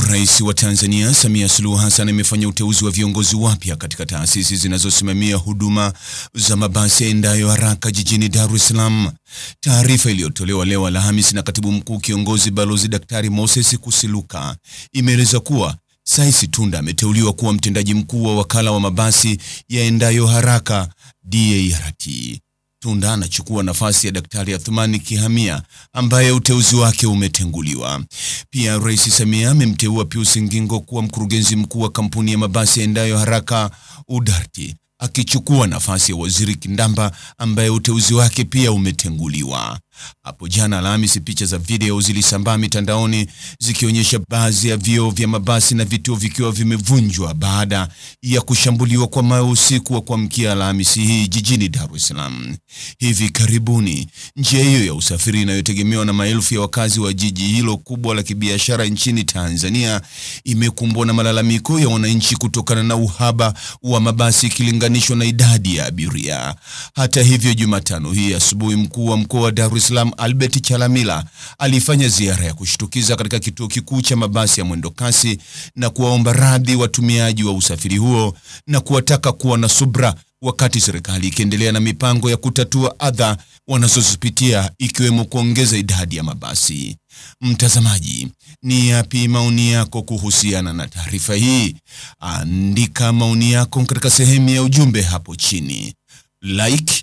Rais wa Tanzania Samia Suluhu Hassan amefanya uteuzi wa viongozi wapya katika taasisi zinazosimamia huduma za mabasi yaendayo haraka jijini Dar es Salaam. Taarifa iliyotolewa leo Alhamisi na Katibu Mkuu Kiongozi Balozi Daktari Moses Kusiluka imeeleza kuwa Saisi Tunda ameteuliwa kuwa mtendaji mkuu wa wakala wa mabasi yaendayo haraka DART. Tunda anachukua nafasi ya Daktari Athumani Kihamia ambaye uteuzi wake umetenguliwa. Pia Rais Samia amemteua Pius Ngingo kuwa mkurugenzi mkuu wa kampuni ya mabasi yaendayo haraka UDART, akichukua nafasi ya Waziri Kindamba ambaye uteuzi wake pia umetenguliwa. Hapo jana Alhamisi, picha za video zilisambaa mitandaoni zikionyesha baadhi ya vioo vya mabasi na vituo vikiwa vimevunjwa baada ya kushambuliwa kwa mawe usiku wa kuamkia Alhamisi hii jijini Dar es Salaam. Hivi karibuni, njia hiyo ya usafiri inayotegemewa na maelfu ya wakazi wa jiji hilo kubwa la kibiashara nchini Tanzania imekumbwa na malalamiko ya wananchi kutokana na uhaba wa mabasi ikilinganishwa na idadi ya abiria. Hata hivyo, Jumatano hii asubuhi, mkuu wa mkoa wa Dar Salaam Albert Chalamila alifanya ziara ya kushtukiza katika kituo kikuu cha mabasi ya mwendokasi na kuwaomba radhi watumiaji wa usafiri huo na kuwataka kuwa na subra wakati serikali ikiendelea na mipango ya kutatua adha wanazozipitia ikiwemo kuongeza idadi ya mabasi. Mtazamaji, ni yapi maoni yako kuhusiana na taarifa hii? Andika maoni yako katika sehemu ya ujumbe hapo chini. Like,